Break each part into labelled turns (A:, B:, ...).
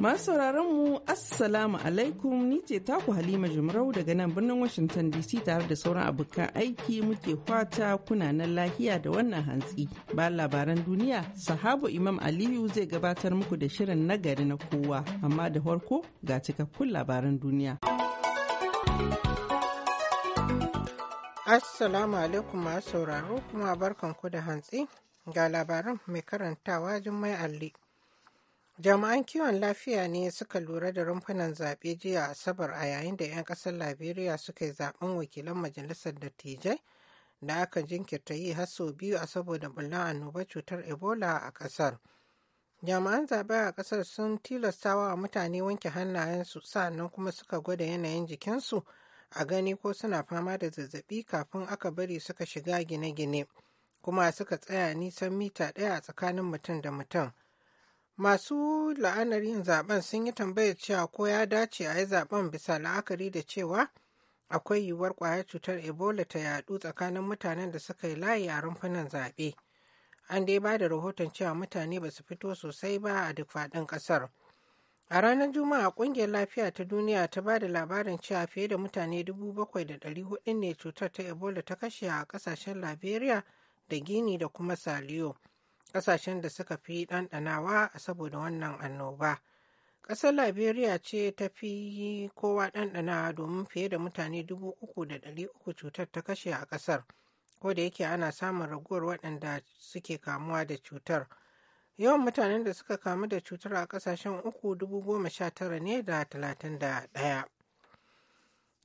A: Masu mu Assalamu alaikum ni ce taku Halima Jumrau daga nan birnin Washington DC tare da sauran abokan aiki muke fata kuna nan lahiya da wannan hantsi. Ba labaran duniya, sahabu Imam Aliyu zai gabatar muku da shirin nagari na kowa, amma da farko ga cikakkun labaran duniya.
B: Assalamu alaikum masu sauraro kuma barkanku da hantsi ga labaran mai karantawa Jummai Alli. Jama'an kiwon lafiya ne suka lura da rumfunan zaɓe jiya asabar a yayin da 'yan ƙasar liberia suka yi zaɓen wakilan majalisar dattijai da aka jinkirta yi har sau biyu a saboda bullan annoba cutar ebola a ƙasar jami'an zaɓe a ƙasar sun tilastawa wa mutane wanke hannayensu sannan kuma suka gwada yanayin jikinsu a gani ko suna fama da zazzaɓi kafin aka bari suka shiga gine-gine kuma suka tsaya nisan mita ɗaya a tsakanin mutum da mutum Masu la'anar yin zaben sun yi tambaya cewa ko ya dace a yi zaben bisa la'akari da cewa akwai yiwuwar kwayar cutar Ebola ta yadu tsakanin mutanen da suka yi layi a rumfunan zaɓe. An dai ba da rahoton cewa mutane ba su fito sosai ba a duk faɗin ƙasar. A ranar Juma'a ƙungiyar lafiya ta duniya ta ba da labarin cewa fiye da mutane dubu bakwai da 7,400 ne cutar ta Ebola ta kashe a ƙasashen Liberia da Guinea da kuma Saliyo. ƙasashen da suka fi ɗanɗanawa saboda wannan annoba. Ƙasar Liberia ce ta fi kowa ɗanɗanawa domin fiye da mutane dubu uku da ɗari uku cutar ta kashe a ƙasar, ko da yake ana samun raguwar waɗanda suke kamuwa da cutar. Yawan mutanen da suka kamu da cutar a ƙasashen uku dubu goma sha tara ne da talatin da ɗaya.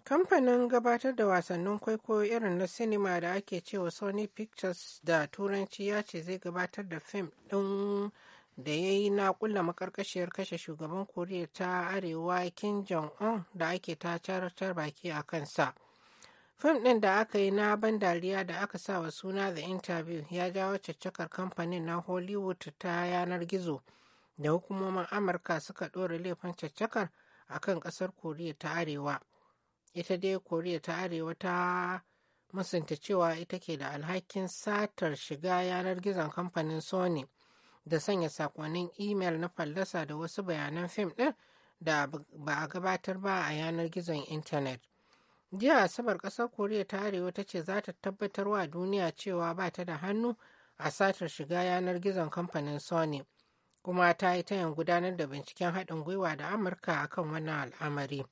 B: Kamfanin gabatar da wasannin kwaikwayo irin na sinima da ake cewa Sony Pictures da Turanci ya ce zai gabatar da fim ɗin da ya yi na kulla makarkashiyar kashe shugaban Koriya ta Arewa Kim Jong-un da ake ta caratar baki a kansa. Fim ɗin da aka yi na ban dariya da aka sa wa suna The Interview ya jawo caccakar kamfanin na Hollywood ta yanar gizo da hukumomin Amurka suka ɗora laifin caccakar akan kan ƙasar Koriya ta Arewa. ita dai koriya ta arewa ta musanta cewa ita ke da alhakin satar shiga yanar gizon kamfanin sony da sanya sakonnin imel na fallasa da wasu bayanan fim ɗin da ba a gabatar ba a yanar gizon intanet jiya asabar ƙasar koriya ta arewa ta ce za ta tabbatar wa duniya cewa ba ta da hannu a satar shiga yanar gizon kamfanin sony kuma ta yi tayin gudanar da binciken haɗin gwiwa da amurka akan wannan al'amari.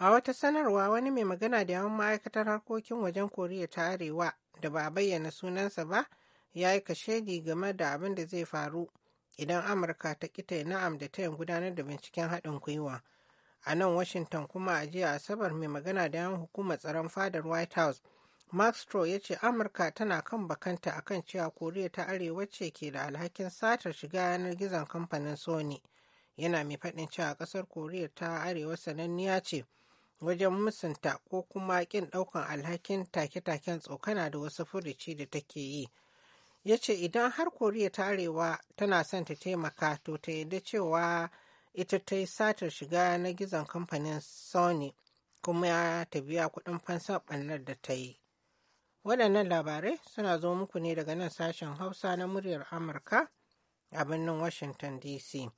B: A wata sanarwa wani mai magana da yawan ma'aikatar harkokin wajen Koriya ta Arewa da ba a bayyana sunansa ba ya yi kashedi game da abin da zai faru idan Amurka ta kita na'am da tayin gudanar da binciken haɗin gwiwa. A nan Washington kuma a jiya Asabar mai magana da yawan hukumar tsaron fadar White House Mark Stroh ya ce Amurka tana kan bakanta a kan cewa Koriya ta Arewa ce ke da alhakin satar shiga yanar gizon kamfanin Sony. Yana mai faɗin cewa ƙasar Koriya ta Arewa sananniya ce. wajen musunta ko kuma ƙin ɗaukan alhakin take-taken tsokana da wasu furuci da take yi ya ce idan har koriya ta arewa tana son ta taimaka to ta yarda cewa ita ta yi satar shiga na gizon kamfanin sony kuma ya ta biya kuɗin fansar ɓannar da ta yi waɗannan labarai suna zo muku ne daga nan sashen hausa na muryar amurka a birnin washington dc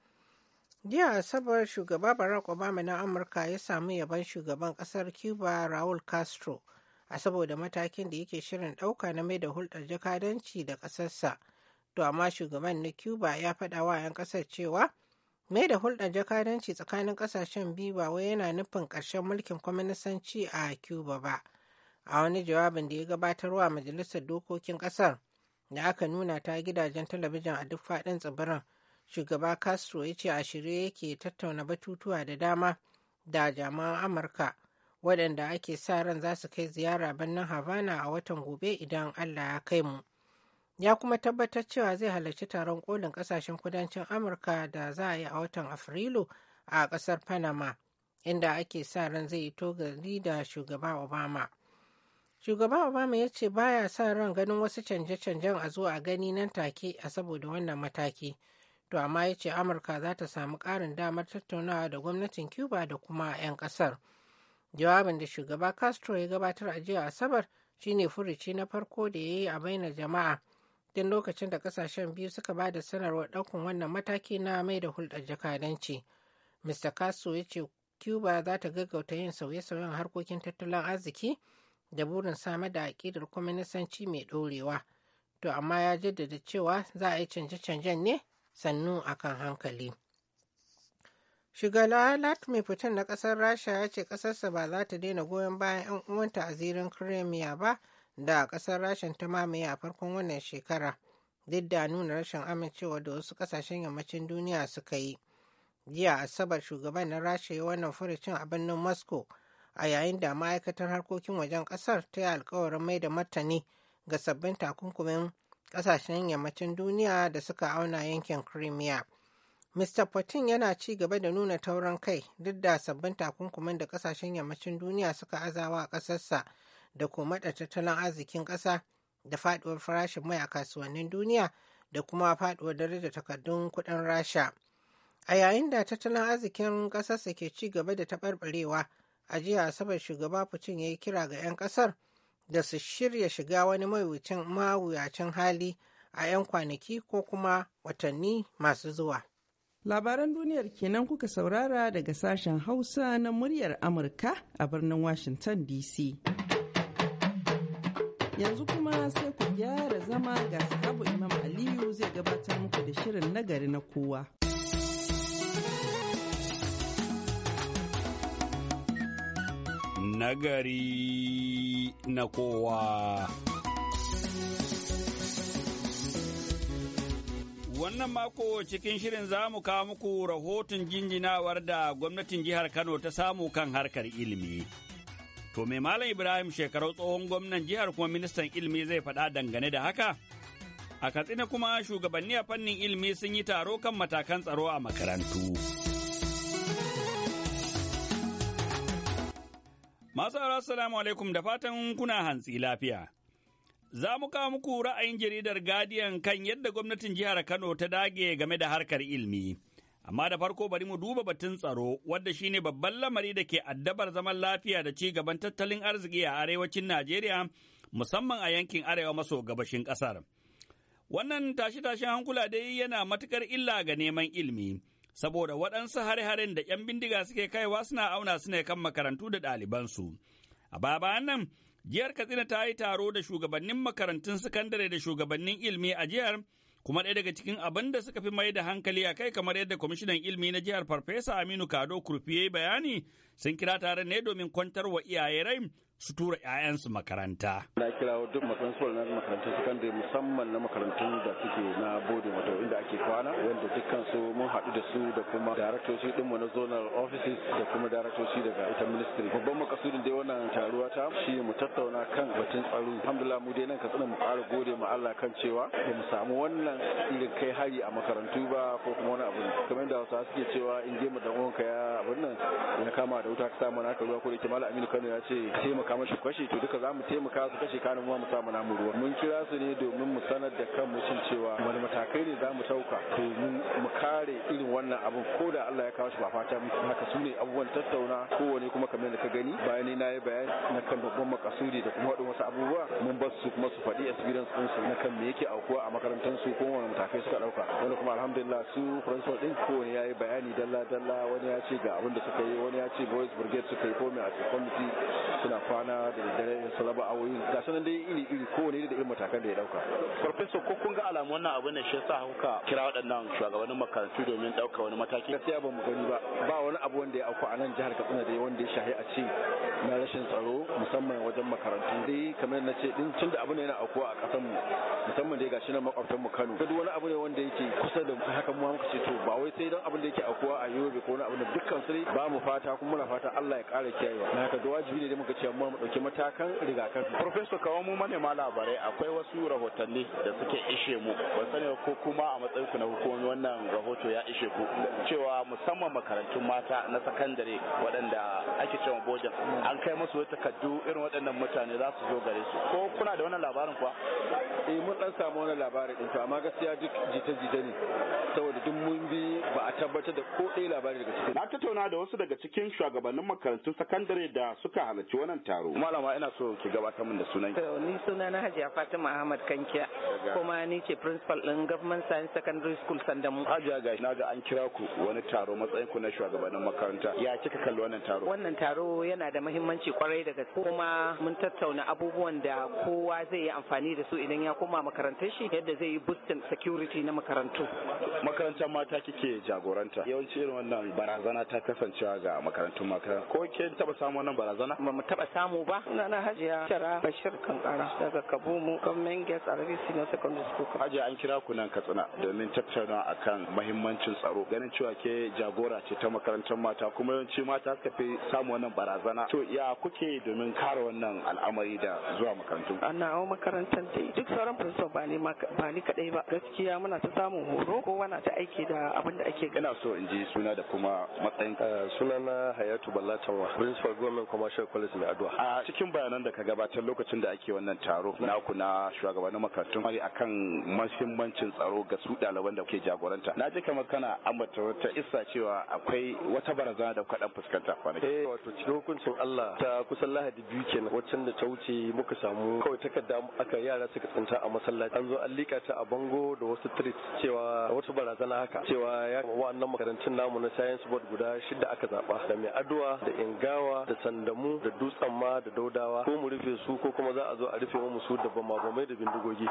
B: jiya asabar shugaba barack obama na amurka ya samu yaban shugaban kasar cuba raul castro a saboda matakin da yake shirin ɗauka na mai da hulɗar jakadanci da ƙasarsa to amma shugaban na cuba ya faɗa wa 'yan ƙasar cewa mai da hulɗar jakadanci tsakanin ƙasashen biyu ba wai yana nufin ƙarshen mulkin kwaminisanci a cuba ba a wani jawabin da ya gabatarwa majalisar dokokin ƙasar da aka nuna ta gidajen talabijin a duk faɗin tsibirin shugaba castro ya ce a shirye yake tattauna batutuwa da dama da jama'an amurka waɗanda ake sa ran za su kai ziyara birnin havana a watan gobe idan allah ya kai mu ya kuma tabbatar cewa zai halarci taron kolin ƙasashen kudancin amurka da za a yi a watan afrilu a ƙasar panama inda ake sa ran zai yi togari da shugaba obama shugaba obama ya ce baya sa ran ganin wasu canje-canjen a zo a gani nan take a saboda wannan mataki. to amma ya ce amurka za ta samu ƙarin damar tattaunawa da gwamnatin cuba da kuma 'yan ƙasar jawabin da shugaba castro ya gabatar a jiya asabar shine furuci na farko da ya yi a bainar jama'a tun lokacin da kasashen biyu suka ba da sanarwar ɗaukun wannan mataki na mai da hulɗar jakadanci mr castro ya ce cuba za ta gaggauta yin sauye-sauyen harkokin tattalin arziki da burin samar da aƙidar kwaminisanci mai ɗorewa to amma ya jaddada cewa za a yi canje-canjen ne sannu a kan hankali. Shugaba mai Putin na ƙasar Rasha ya ce ƙasarsa ba za ta daina goyon bayan 'yan uwanta a zirin Crimea ba da ƙasar Rasha ta mamaye a farkon wannan shekara, duk da nuna rashin amincewa da wasu ƙasashen yammacin duniya suka yi. Jiya Asabar shugaban na Rasha ya wannan furucin a birnin Moscow a yayin da ma'aikatar harkokin wajen ƙasar ta yi alkawarin mai da martani ga sabbin takunkumin ƙasashen yammacin duniya da suka auna yankin crimea mr putin yana ci gaba da nuna taurin kai duk da sabbin takunkumin da ƙasashen yammacin duniya suka azawa a ƙasarsa da kuma da tattalin arzikin ƙasa da faɗuwar farashin mai a kasuwannin duniya da kuma faɗuwar darajar takardun kuɗin rasha a yayin da tattalin arzikin ƙasarsa ke ci gaba da taɓarɓarewa a jiya asabar shugaba putin ya yi kira ga 'yan ƙasar da su shirya shiga wani mawuyacin hali a 'yan kwanaki ko kuma watanni masu zuwa.
A: Labaran duniyar kenan kuka saurara daga sashen Hausa na muryar Amurka a birnin Washington DC. Yanzu kuma sai ku gyara zama ga sahabu Imam Aliyu zai gabatar muku da shirin nagari na kowa.
C: nagari na kowa. Wannan mako cikin shirin za mu kawo muku rahoton jinjinawar da gwamnatin jihar Kano ta samu kan harkar ilimi. To mai Malam Ibrahim shekarau tsohon gwamnan jihar kuma ministan ilimi zai faɗa dangane da haka? A Katsina kuma shugabanni a fannin ilimi sun yi taro kan matakan tsaro a makarantu. Masu salamu alaikum da fatan kuna hantsi lafiya. Za mu kawo muku ra'ayin jaridar Gadiyan kan yadda gwamnatin jihar Kano ta dage game da harkar ilimi. Amma da farko bari mu duba batun tsaro wadda shine babban lamari da ke addabar zaman lafiya da ci gaban tattalin arziki a arewacin Najeriya musamman a yankin arewa maso gabashin ƙasar. Wannan tashe-tashen hankula dai yana matukar illa ga neman ilimi. saboda waɗansu hare-haren da 'yan bindiga suke kaiwa suna auna su ne kan makarantu da ɗalibansu. A baya nan, jihar Katsina ta yi taro da shugabannin makarantun sakandare da shugabannin ilimi a jihar kuma ɗaya daga cikin abin da suka fi mai da hankali a kai kamar yadda kwamishinan ilimi na jihar farfesa aminu kado kurfi ya yi bayani sun kira taron ne domin kwantar wa iyaye rai su tura 'ya'yansu makaranta.
D: Na kira duk makarantar na makarantar sakandare musamman na makarantun da suke na bodin wato inda ake kwana wanda dukkan su mun haɗu da su da kuma daraktoci din mu na zonal offices da kuma daraktoci daga ita ministry. Babban makasudin dai wannan taruwa ta shi mu tattauna kan batun tsaro. Alhamdulillah mu dai nan ka mu ƙara gode ma Allah kan cewa ba mu samu wannan irin kai hari a makarantu ba ko kuma wani abu. Kamar yadda wasu suke cewa in je mu da uwanka ya abin nan ya kama da wuta ka samu na ka ruwa ko da Aminu Kano ya ce taimaka taimaka mashi kwashe to duka za mu taimaka su kashe kanin mu samu namu ruwa mun kira su ne domin mu sanar da kanmu cin cewa wani matakai ne za mu ɗauka to mu kare irin wannan abin ko da Allah ya kawo shi ba fata mu haka su ne abubuwan tattauna kowane kuma kamar da ka gani bayan na yi bayani na kan babban makasudi da kuma wasu abubuwa mun ba su kuma su faɗi experience ɗin su na kan me yake aukuwa a makarantar su ko wani matakai suka ɗauka wani kuma alhamdulillah su principal ɗin kowane ya yi bayani dalla dalla wani ya ce ga abin da suka yi wani ya ce boys brigade suka yi ko me a committee suna fa kwana da daddare in salaba awoyin ga sanan dai iri iri kowane da irin matakan da ya dauka farfesa ko kun ga alamu wannan abin da shi yasa kuka kira waɗannan shugabannin makarantu domin dauka wani mataki gaskiya ba mu gani ba ba wani abu wanda ya auku a nan jihar Katsina da wanda ya shahi a ce na rashin tsaro musamman wajen makarantu dai kamar na ce din tunda abin yana aukuwa a ƙasar mu musamman dai gashi nan makwabtan mu Kano duk wani abu ne wanda yake kusa da haka mu muka ce to ba wai sai dan abin da yake auku a Yobe ko wani abin da dukkan su ba mu fata kuma muna fata Allah ya ƙara kiyayewa na haka da wajibi ne da muka ce mu kuma mu ɗauki matakan rigakafi. Profesor kawo mu manema labarai akwai wasu rahotanni da suke ishe mu ban sani ko kuma a matsayin ku na hukumomi wannan rahoto ya ishe ku cewa musamman makarantun mata na sakandare waɗanda ake cewa bojan, an kai musu wata takardu irin waɗannan mutane za su zo gare su ko kuna da wannan labarin kuwa? Eh mun ɗan samu wannan labarin ɗin to amma gaskiya duk jita-jita ne saboda duk mun bi ba a tabbatar da ko ɗaya labari daga cikin. Na tattauna da wasu daga cikin shugabannin makarantun sakandare da suka halarci wannan ta. yaro malama ina so ki gabatar min da sunan ki ni suna na Hajiya Fatima Ahmad Kankiya kuma ni ce principal din Government Science Secondary School Sandamu Hajiya gashi na ga an kira ku wani taro matsayin ku na shugabannin makaranta ya kika kalli wannan taro wannan taro yana da muhimmanci kwarai da gaske kuma mun tattauna abubuwan da kowa zai yi amfani da su idan ya koma makarantar shi yadda zai yi boosting security na makarantu makarantar mata kike jagoranta yawanci irin wannan barazana ta kasancewa ga makarantun makaranta ko ke taba samu wannan barazana ba mu
A: taba samu samu ba sunana hajiya shara bashir kankara daga kabumu government gas arabic senior secondary school
D: hajiya an kira ku nan katsina domin tattauna akan muhimmancin tsaro ganin cewa ke jagora ce ta makarantar mata kuma yawanci mata suka fi samu wannan barazana to ya kuke domin kare wannan al'amari da zuwa makarantu ana awo makarantar dai duk sauran professor ba ni ba ni kadai ba gaskiya muna ta samun horo kowa na ta aiki da abin da ake ina so in ji suna da kuma matsayin eh, sunana hayatu Ballatawa, principal government commercial college mai adwa a ah, cikin bayanan da ka gabatar lokacin da ake wannan taro naku na shugabannin makarantun a akan muhimmancin tsaro ga su ɗaliban da kuke jagoranta na ji kamar kana ambata wata isa cewa akwai wata barazana da kuka dan fuskanta kwanaki eh wato cikin hukuncin Allah ta kusan Lahadi biyu kenan waccan da ta wuce muka samu kawai takarda aka yara suka tsinta a masallaci an zo an lika ta a bango da wasu treat cewa wata barazana haka cewa ya wa'annan makarantun namu na science board guda shida aka zaba da mai addu'a da ingawa da sandamu da dutsen ma ma da daudawa ko mu rufe su ko kuma za a zo a rufe mu su da mai da bindigogi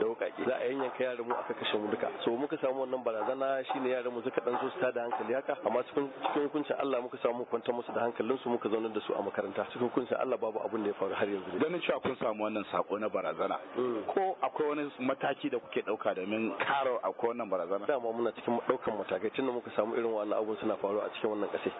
D: da wukaki za a yanyanka yaran mu aka kashe mu duka so muka samu wannan barazana shine yaran mu suka dan so su tada hankali haka amma cikin cikin hukuncin Allah muka samu kwantar musu da hankalin su muka zauna da su a makaranta cikin hukuncin Allah babu abun da ya faru har yanzu ganin cewa kun samu wannan sako na barazana hmm. ko akwai wani mataki da kuke dauka domin karo akwai wannan barazana dama muna cikin daukan matakai da muka samu irin wannan abun suna faruwa a cikin wannan kasai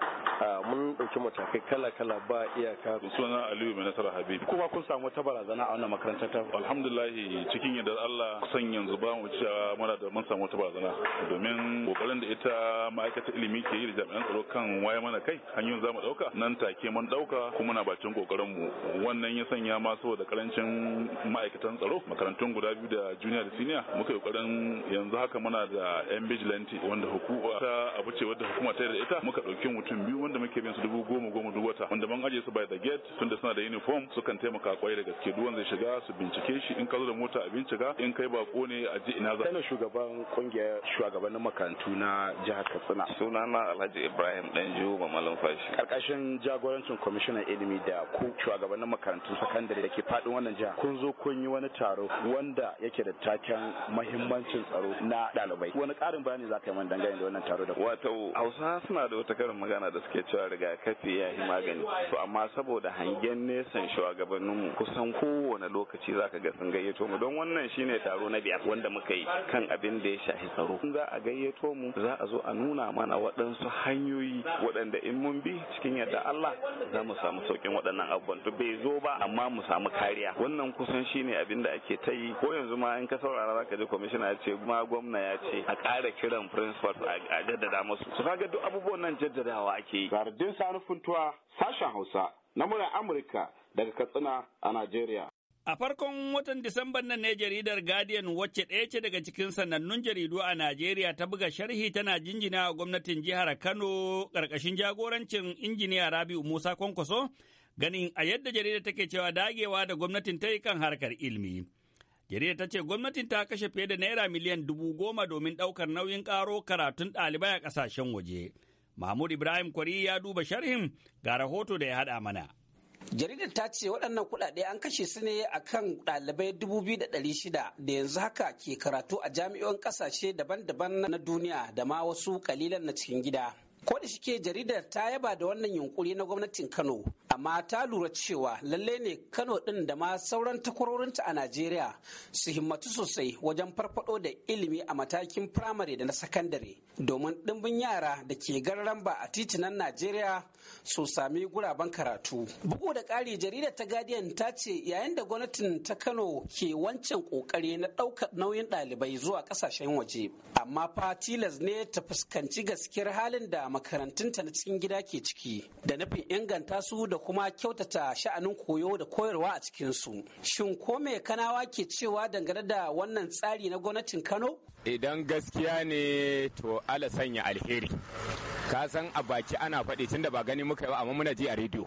D: ah, mun dauki matakai kala kala ba iyaka sunana aliyu mai nasara habib kuma kun samu wata barazana a wannan makarantar ta alhamdulillah cikin yadda allah San yanzu ba mu cewa muna da mun samu wata barazana domin kokarin da ita ma'aikatar ilimi ke yi da jami'an tsaro kan waye mana kai hanyoyin za mu dauka nan take mun dauka kuma na bacin kokarin mu wannan ya sanya ma saboda karancin ma'aikatan tsaro makarantun guda biyu da junior da senior muka yi kokarin yanzu haka muna da yan vigilante wanda hukuma ta abu ce wadda hukuma ta da ita muka dauki mutum biyu wanda muke bin su dubu goma goma duk wata wanda ban aje su by the gate tunda suna da uniform sukan taimaka kwai da gaske duwan zai shiga su bincike shi in ka zo da mota a bincika in kai bako ne a ji ina za kana shugaban kungiyar shugabannin makarantu na jihar Katsina sunana Alhaji Ibrahim Danjo mallam Fashi karkashin jagorancin kwamishinan ilimi da ku shugabannin makarantun sakandare da ke fadin wannan jiha kun zo kun yi wani taro wanda yake da taken muhimmancin tsaro na ɗalibai wani ƙarin bayani za ka yi man dangane da wannan taro da wato hausa suna da wata karin magana da suke cewa rigakafi ya yi magani to amma saboda hangen nesan shugabanninmu kusan kowane lokaci za ka ga sun gayyato mu don wannan shine taro na biyar wanda muka yi kan abin da ya shafi tsaro in za a gayyato mu za a zo a nuna mana waɗansu hanyoyi waɗanda in mun bi cikin yadda Allah za mu samu saukin waɗannan abubuwan to bai zo ba amma mu samu kariya wannan kusan shine abin da ake ta yi ko yanzu ma in ka saurara zaka ji kwamishina ya ce ma gwamna ya ce a ƙara kiran principal a jaddada musu su kaga duk abubuwan nan jaddadawa ake yi. Gardin Sani Funtuwa sashen Hausa na murar Amurka daga Katsina a Najeriya.
C: A farkon watan Disamban nan ne jaridar Guardian wacce ɗaya ce daga cikin sanannun jaridu a Najeriya ta buga sharhi tana jinjina a gwamnatin jihar Kano ƙarƙashin jagorancin injiniya Rabi'u Musa Kwankwaso ganin a yadda jaridar take cewa dagewa da gwamnatin ta yi kan harkar ilimi. Jaridar ta ce gwamnatin ta kashe fiye da naira miliyan dubu goma domin ɗaukar nauyin ƙaro karatun ɗalibai a ƙasashen waje. Mahmud Ibrahim Kwari ya duba sharhin ga rahoto da ya haɗa mana.
E: jaridar ta ce waɗannan kuɗaɗe an kashe su ne a kan ɗalibai biyu da shida da yanzu haka ke karatu a jami'o'in ƙasashe daban-daban na duniya da ma wasu kalilan na cikin gida Ko da shike jaridar ta yaba da wannan yunkuri na gwamnatin Kano, amma ta lura cewa lalle ne Kano ɗin da ma sauran takwarorinta a Najeriya su himmatu sosai wajen farfado da ilimi a matakin firamare da na sakandare domin ɗimbin yara da ke garan ba a titunan Najeriya su sami guraben karatu. Bugu da ƙari jaridar ta Guardian ta ce yayin da gwamnatin ta Kano ke wancan ƙoƙari na ɗaukar nauyin ɗalibai zuwa ƙasashen waje, amma fa tilas ne ta fuskanci gaskiyar halin da makarantunta na cikin gida ke ciki da nufin inganta su da kuma kyautata sha'anin koyo da koyarwa a cikinsu. Shin ko me kanawa ke cewa dangane da wannan tsari na gwamnatin Kano?
D: Idan gaskiya ne to ala sanya alheri. Ka san a baki ana faɗi tunda ba gani muka yi ba amma muna ji a rediyo.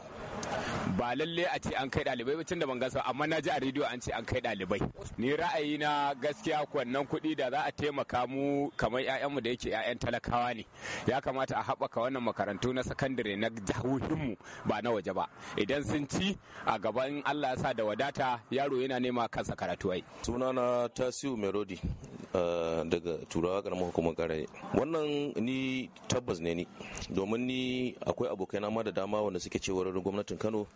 D: ba lalle a ce an kai ɗalibai tun da ban gasa amma na ji a rediyo an ce an kai ɗalibai ni ra'ayi na gaskiya wannan kuɗi da za a taimaka mu kamar mu da yake ƴaƴan talakawa ne ya kamata a haɓaka wannan makarantu na sakandare na mu ba na waje ba idan sun ci a gaban Allah ya sa da wadata yaro yana nema kansa karatu ai sunana tasiu merodi eh, daga turawa karamar hukumar wannan ni tabbas ne ni domin ni akwai abokai na ma da dama wanda suke cewar gwamnatin kano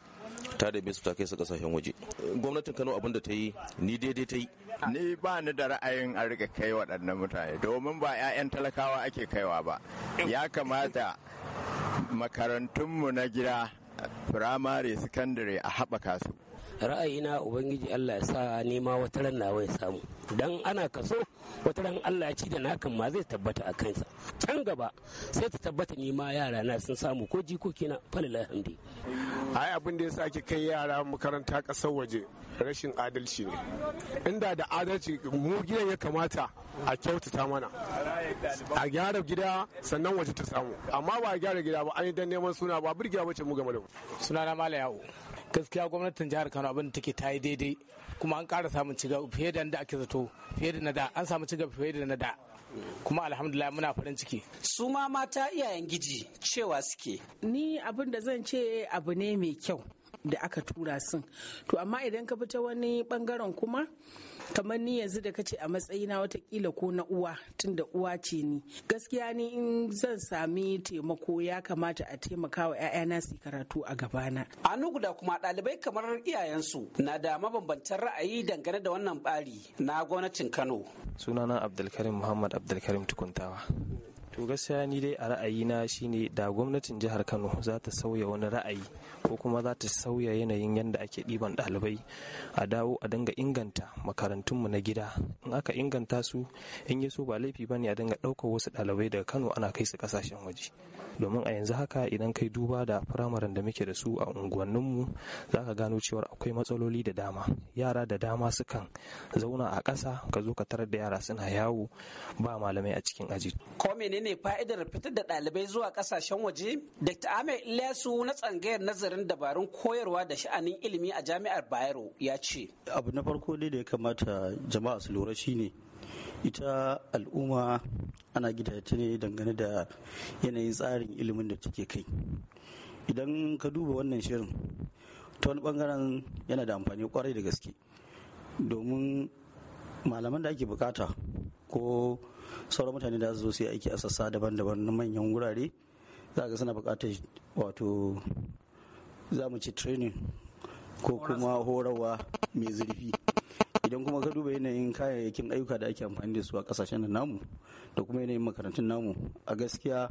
D: ta da su ta kai su kasashen waje gwamnatin kano abin da ta yi ni daidai ta yi ni ba ni da ra'ayin a rika kai waɗannan mutane domin ba 'ya'yan talakawa ake kaiwa ba ya kamata makarantunmu na gida firamare sakandare
E: a haɓaka su ra'ayina ubangiji allah ya sa nema wata ran nawa ya samu dan ana kaso wata ran Allah ya ci da nakan ma zai tabbata a kansa can gaba sai ta tabbata ni ma yara na sun samu ko jikoki na falala hamdi ai abin da ya sake kai yara makaranta kasar waje rashin adalci ne inda da adalci mu gidan ya kamata a kyautata mana a gyara gida sannan waje ta samu amma ba a gyara gida ba an yi dan neman suna ba birgiya bace mu game da mu suna na mala yawo gaskiya gwamnatin jihar Kano abin da take ta yi daidai kuma an ƙara samun cigaba fiye da da ake zato fiye da na da an samu cigaba fiye da na da kuma alhamdulillah muna farin ciki su ma mata iyayen giji cewa suke ni abin da zan ce abu ne mai kyau da aka tura sun to amma idan ka fita wani bangaren kuma kamar ni yanzu da kace a matsayina watakila ko na uwa tun da uwa ce ni gaskiya ni in zan sami taimako ya kamata a taimaka wa 'ya'yana su karatu a gabana a guda kuma ɗalibai kamar iyayensu na da mabambantan ra'ayi dangane da wannan bari na gwamnatin kano
F: sunana abdulkarim muhammad abdulkarim tukuntawa to gaskiya ni dai a ra'ayi ra'ayina shine da gwamnatin jihar kano za ta sauya wani ra'ayi ko kuma za ta sauya yanayin yadda ake ɗiban ɗalibai a dawo a dinga inganta makarantunmu na gida in aka inganta su in yi so ba laifi ba ne a dinga ɗaukar wasu ɗalibai daga kano ana kai su kasashen waje domin a yanzu haka idan kai duba da firamaren da muke da su a unguwanninmu za ka gano cewa akwai matsaloli da dama yara da dama sukan zauna a ƙasa ka zo ka tarar da yara suna yawo ba malamai a cikin aji
E: ko menene ne fa'idar fitar da ɗalibai zuwa ƙasashen waje? Dr. Ame Ilyasu na tsangayar nazarin dabarun koyarwa da sha'anin ilimi a jami'ar Bayero ya ce.
F: Abu na farko dai da ya kamata jama'a su lura shine ita al'umma ana gida ta ne dangane da yanayin tsarin ilimin da take kai. Idan ka duba wannan shirin ta wani bangaren yana da amfani kwarai da gaske domin malaman da ake bukata ko sauran mutane da su zo su yi aiki a sassa daban-daban na manyan wurare za ga suna buƙatar wato za mu ci training ko kuma horarwa mai zurfi idan kuma ka duba yanayin kayayyakin ayyuka da ake amfani da su a kasashen namu da kuma yanayin makarantun namu a gaskiya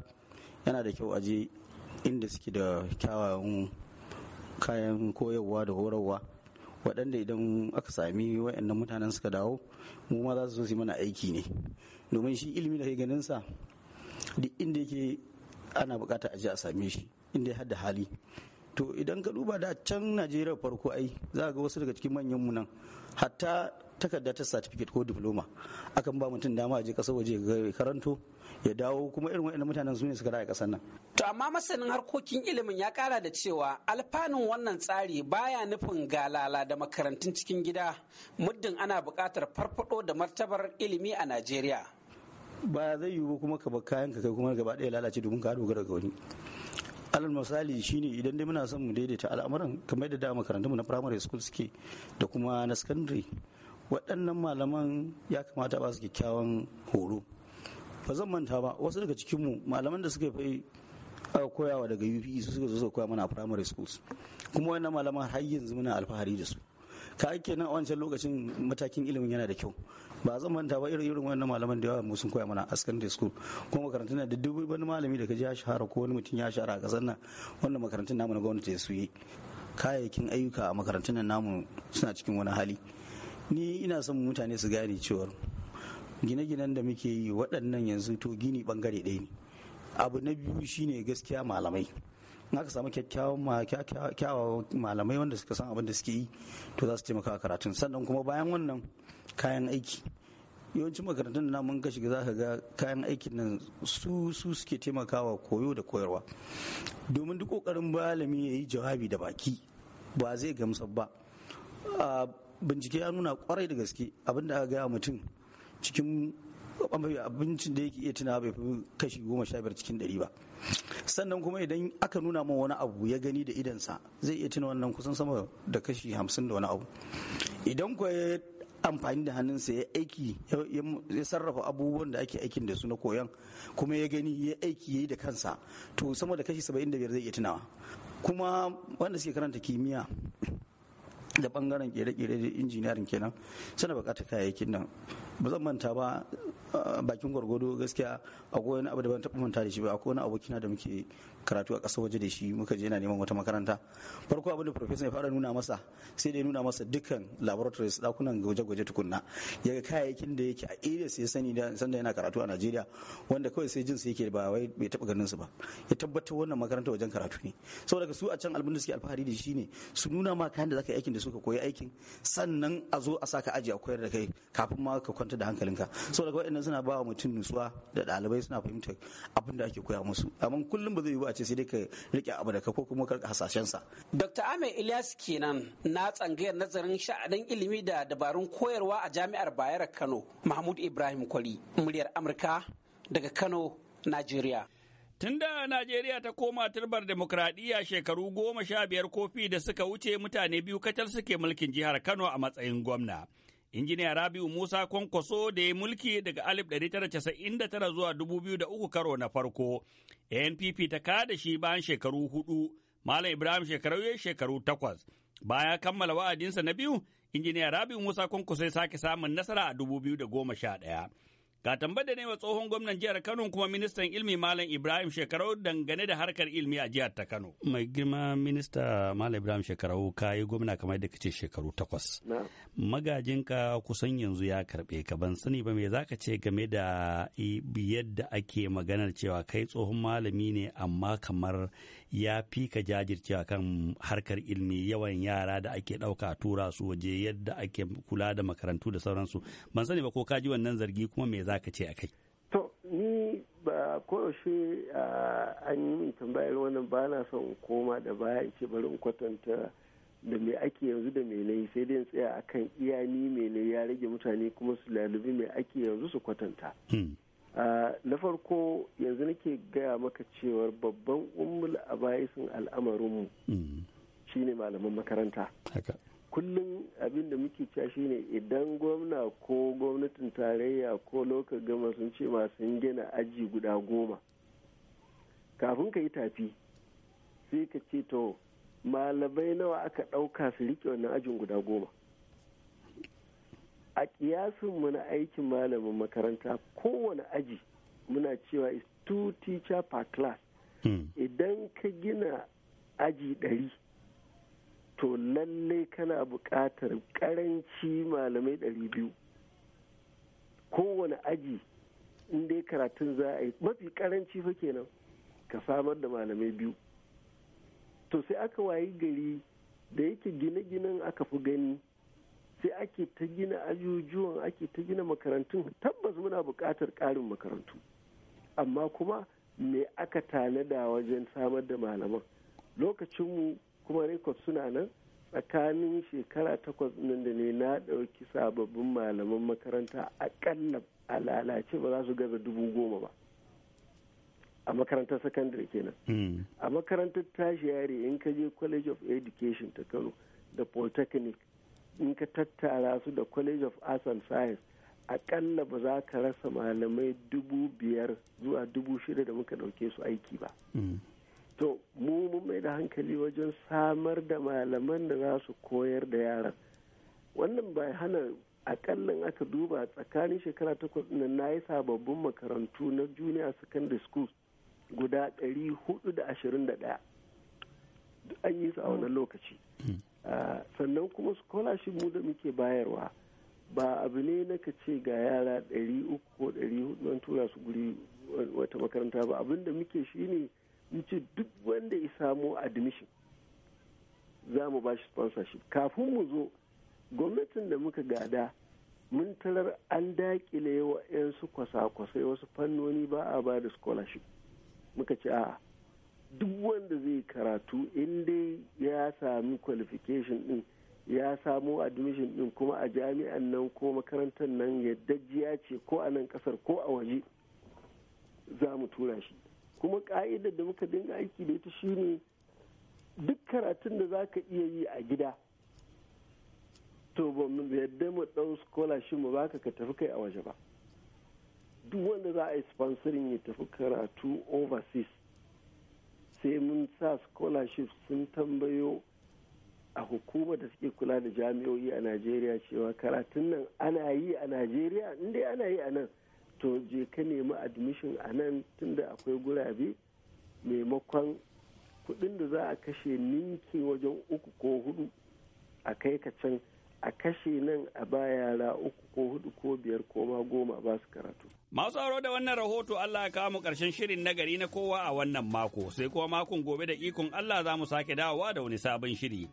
F: yana da kyau aje inda suke da kyawawan kayan koyarwa da horarwa waɗanda idan aka sami wa'annan mutanen suka dawo mu ma za su zo su mana aiki ne domin shi ilimi da ke ganin sa duk inda yake ana bukata a je a same shi inda ya hada hali to idan ka duba da can najeriya farko ai za ga wasu daga cikin manyan mu nan hatta takarda ta certificate ko diploma akan ba mutum dama a je kasar waje karanto ya dawo kuma irin waɗannan mutanen su ne suka raya ƙasar nan.
E: To amma masanin harkokin ilimin ya ƙara da cewa alfanun wannan tsari baya nufin galala da makarantun cikin gida muddin ana buƙatar farfaɗo da martabar ilimi a Najeriya.
F: Ba zai yiwu kuma ka bar kayan ka kai kuma gaba ɗaya lalace domin ka dogara ga wani. alal misali shine idan dai muna son mu daidaita al'amuran kamar da makarantun makarantunmu na primary school suke da kuma na secondary waɗannan malaman ya kamata ba su kyakkyawan horo ba zan manta ba wasu daga cikinmu malaman da suka fi koyawa daga UPE su suka zo su koya mana a primary schools kuma wannan malaman har yanzu muna alfahari da su ka ake nan a wancan lokacin matakin ilimin yana da kyau ba zan manta ba irin irin wannan malaman da yawa mu sun koya mana a secondary school kuma makarantun na da dubu wani malami da ka ji ya shahara ko wani mutum ya shahara a kasar nan wannan makarantun namu na gwamnati ya suye kayayyakin ayyuka a makarantun namu suna cikin wani hali ni ina son mutane su gane cewar. gine-ginen da muke yi waɗannan yanzu to gini bangare ɗaya ne abu na biyu shine gaskiya malamai Na aka samu kyakkyawan malamai wanda suka san abin da suke yi to za su taimaka a karatun sannan kuma bayan wannan kayan aiki yawancin makarantun da mun gashi shiga za ka ga kayan aikin nan su su suke taimakawa koyo da koyarwa domin duk kokarin malami ya yi jawabi da baki ba zai gamsa ba ah, bincike ya nuna kwarai da gaske abin da aka gaya mutum cikin abincin da yake iya tuna bai fi kashi goma sha biyar cikin ɗari ba sannan kuma idan aka nuna ma wani abu ya gani da idansa zai iya tuna wannan kusan sama da kashi hamsin da wani abu idan kuwa ya amfani da hannunsa ya aiki ya sarrafa abubuwan da ake aikin da su na koyon kuma ya gani ya aiki ya yi da kansa to sama da kashi saba'in da biyar zai iya tunawa kuma wanda suke karanta kimiyya da bangaren kere-kere da injiniyarin kenan suna bukatar kayayyakin nan ba zan manta ba bakin gwargwado gaskiya akwai wani abu da ban taɓa manta da shi ba akwai wani abokina da muke karatu a ƙasar waje da shi muka je yana neman wata makaranta farko abin da professor ya fara nuna masa sai dai nuna masa dukkan laboratories dakunan gwaje-gwaje tukunna ya ga kayayyakin da yake a area sai sani da sanda yana karatu a Najeriya wanda kawai sai jinsu yake ba wai bai taɓa ganin su ba ya tabbatar wannan makaranta wajen karatu ne saboda su a can albin da suke alfahari da shi ne su nuna ma kayan da zaka yi aikin da suka koyi aikin sannan a zo a saka aji a koyar da kai kafin ma ka kwanta da hankalinka so daga waɗannan suna ba wa mutum nutsuwa da ɗalibai suna fahimtar abin da ake koya musu amma kullum ba zai yi ba a ce sai dai ka rike abu da ka ko kuma karka hasashen sa
E: Dr. Ahmed Ilyas kenan na tsangayar nazarin sha'anin ilimi da dabarun koyarwa a Jami'ar bayar Kano Mahmud Ibrahim Kwali muryar Amurka daga Kano Najeriya
C: Tun da Najeriya ta koma turbar demokradiyya shekaru goma sha biyar kofi da suka wuce mutane biyu kacal suke mulkin jihar Kano a matsayin gwamna. Injiniya Rabiu Musa Kwankwaso da ya mulki daga 1999 zuwa 2003 karo na farko, NPP ta da shi bayan shekaru hudu, Malam Ibrahim shekaru ya shekaru takwas. Baya kammala wa'adinsa na biyu, Injiniya Rabiu Musa Kwankwaso ya sake samun nasara a 2011. Ga tambar da ne wa tsohon gwamnan jihar Kano kuma ministan ilmi Malam Ibrahim Shekarau dangane da harkar ilmi a jihar ta Kano. Mai girma minista Malam Ibrahim Shekarau ka yi gwamna kamar yadda kace shekaru takwas. Magajinka kusan yanzu ya karɓe ka ban sani ba me ka ce game da yadda ake maganar cewa kai tsohon malami ne amma kamar ya fi ka jajircewa kan harkar ilimi yawan yara da ake ɗauka tura su waje yadda ake kula da makarantu da sauransu ban sani ba ko ka ji wannan zargi kuma me za ka ce a kai
G: to ni ba koyaushe an yi min tambayar wannan ba na son koma da baya bari in kwatanta da me ake yanzu da me nayi sai dai tsaya akan iya ni me ya rage mutane kuma su lalubi me ake yanzu su kwatanta hmm. na farko yanzu nake gaya maka cewar babban ummul abayisin al'amarinmu mm. shine malaman makaranta kullum abin da muke cewa shine idan gwamna ko gwamnatin tarayya ko lokacin gama sun ce masu gina aji guda goma kafin ka yi tafi sai ka ce to malamai nawa aka ɗauka su riƙe wannan ajin guda goma a kiyasin mu na aikin malamin makaranta kowane aji muna cewa is two teacher per class hmm. idan ka gina aji ɗari to lalle kana buƙatar ƙaranci malamai ɗari biyu kowane aji in dai karatun za a yi mafi ƙaranci fa kenan ka samar da malamai biyu to sai aka wayi gari da yake gine-ginen aka fi gani sai ake ta gina ajujuwan ake ta gina makarantun tabbas muna buƙatar ƙarin makarantu amma kuma me aka tanada wajen samar da malaman lokacinmu kuma rekod suna nan tsakanin shekara takwas nan da ne na ɗauki sababbin malaman makaranta aƙalla a lalace ba za su gaza dubu goma ba a makarantar sakandare kenan hmm. a makarantar tashi yare in ka je college of education ta kano da polytechnic in ka tattara su da college of arts and science akalla ba za ka rasa malamai dubu biyar zuwa dubu shida da muka ɗauke su aiki ba mm. to mu mun mai da hankali wajen samar da malaman da za su koyar da yaran wannan bai hana akalla aka duba tsakanin shekara takwas na na yi sababbin makarantu na junior secondary school guda ɗari da ɗaya an yi su a wannan lokaci mm. sannan kuma scholarship mu da muke bayarwa ba abu ne na ka ce ga yara 300 ko 400 tura su guri wata makaranta ba abin da muke shi ne ce duk wanda ya samo admission za mu ba shi sponsorship kafin mu zo gwamnatin da muka gada mun tarar an dakile wa 'yansu kwasa-kwasai wasu fannoni ba a ba da scholarship muka ce a'a duk wanda zai karatu in dai ya sami qualification din ya samo admission din kuma a jami'an nan ko makarantar nan ya ya ce ko a nan kasar ko a waje za mu tura shi kuma ka'idar da muka dinga aiki da ita shi ne duk karatun da za ka iya yi a gida to ba mu yadda mu ɗau scholarship mu baka ka tafi kai a waje ba duk wanda za a yi sponsoring ya tafi karatu overseas sai mun sa scholarship sun tambayo a hukumar da suke kula da jami'o'i a najeriya cewa karatun nan ana yi a najeriya inda ana yi a nan to je ka nemi admission a nan tunda akwai gurabe maimakon kudin da za a kashe ninki wajen uku ko hudu a kai ka can a kashe nan a ba yara uku ko hudu ko biyar ko ma goma ba su karatu
C: Masu aro da wannan rahoto Allah ya kawo mu ƙarshen shirin nagari na kowa a wannan mako, sai kuma makon gobe da ikon Allah za mu sake dawowa da wani sabon shiri.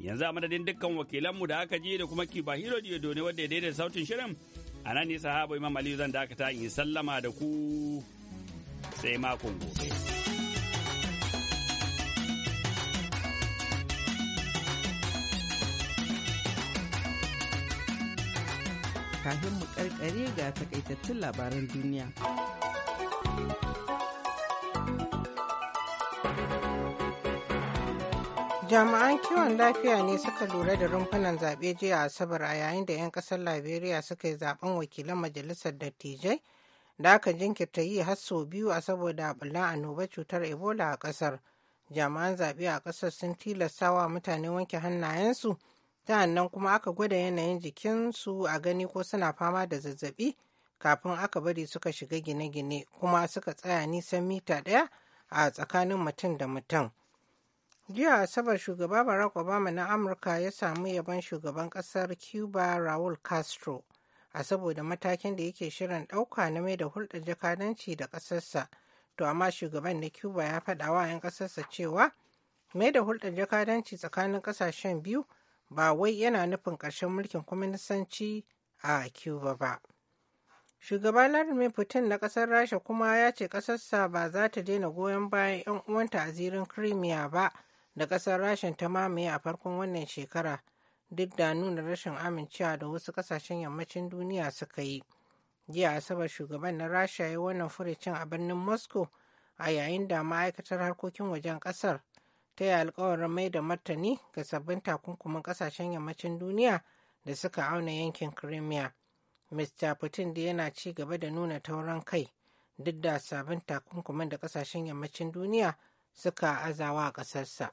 C: Yanzu a madadin dukkan wakilanmu da aka je da kuma Kiba Hiro Diodone wadda ya daidaita sautin shirin, a nan ne sahaba Imam Aliyu zan dakata in sallama da ku sai makon gobe.
A: kahin mu karkare
B: ga takaitattun labaran duniya. jami'an kiwon lafiya ne suka lura da rumfunan zaɓe jiya a asabar a yayin da 'yan ƙasar liberia suka yi zaben wakilan majalisar dattijai da aka jinkirta yi har sau biyu a saboda ɓullan annoba cutar ebola a ƙasar jami'an zaɓe a ƙasar sun tilasta wa mutane wanke hannayensu nan kuma aka gwada yanayin jikinsu a gani ko suna fama da zazzabi kafin aka bari suka shiga gine-gine kuma suka tsaya nisan mita ɗaya a tsakanin mutum da mutum. jiya asabar shugaba barack obama na amurka ya samu yaban shugaban kasar cuba raul castro a saboda matakin da yake shirin dauka na mai da hulɗar jakadanci da ƙasarsa to amma shugaban na cuba ya faɗawa wa 'yan ƙasarsa cewa mai da hulɗar jakadanci tsakanin ƙasashen biyu ba wai yana nufin ƙarshen mulkin kwaminisanci a Cuba ba. Shugaba Vladimir Putin na ƙasar Rasha kuma ya ce ƙasarsa ba za ta daina goyon bayan 'yan uwanta a zirin Crimea ba da ƙasar Rasha ta mamaye a farkon wannan shekara duk da nuna rashin amincewa da wasu ƙasashen yammacin duniya suka yi. Jiya Asabar shugaban na Rasha ya wannan furicin a birnin Moscow a yayin da ma'aikatar harkokin wajen ƙasar ta yi alkawarin mai da martani ga sabbin takunkumin kasashen yammacin duniya da suka auna yankin crimea mr putin da yana ci gaba da nuna tauran kai duk da sabbin takunkumin da kasashen yammacin duniya suka azawa a ƙasarsa.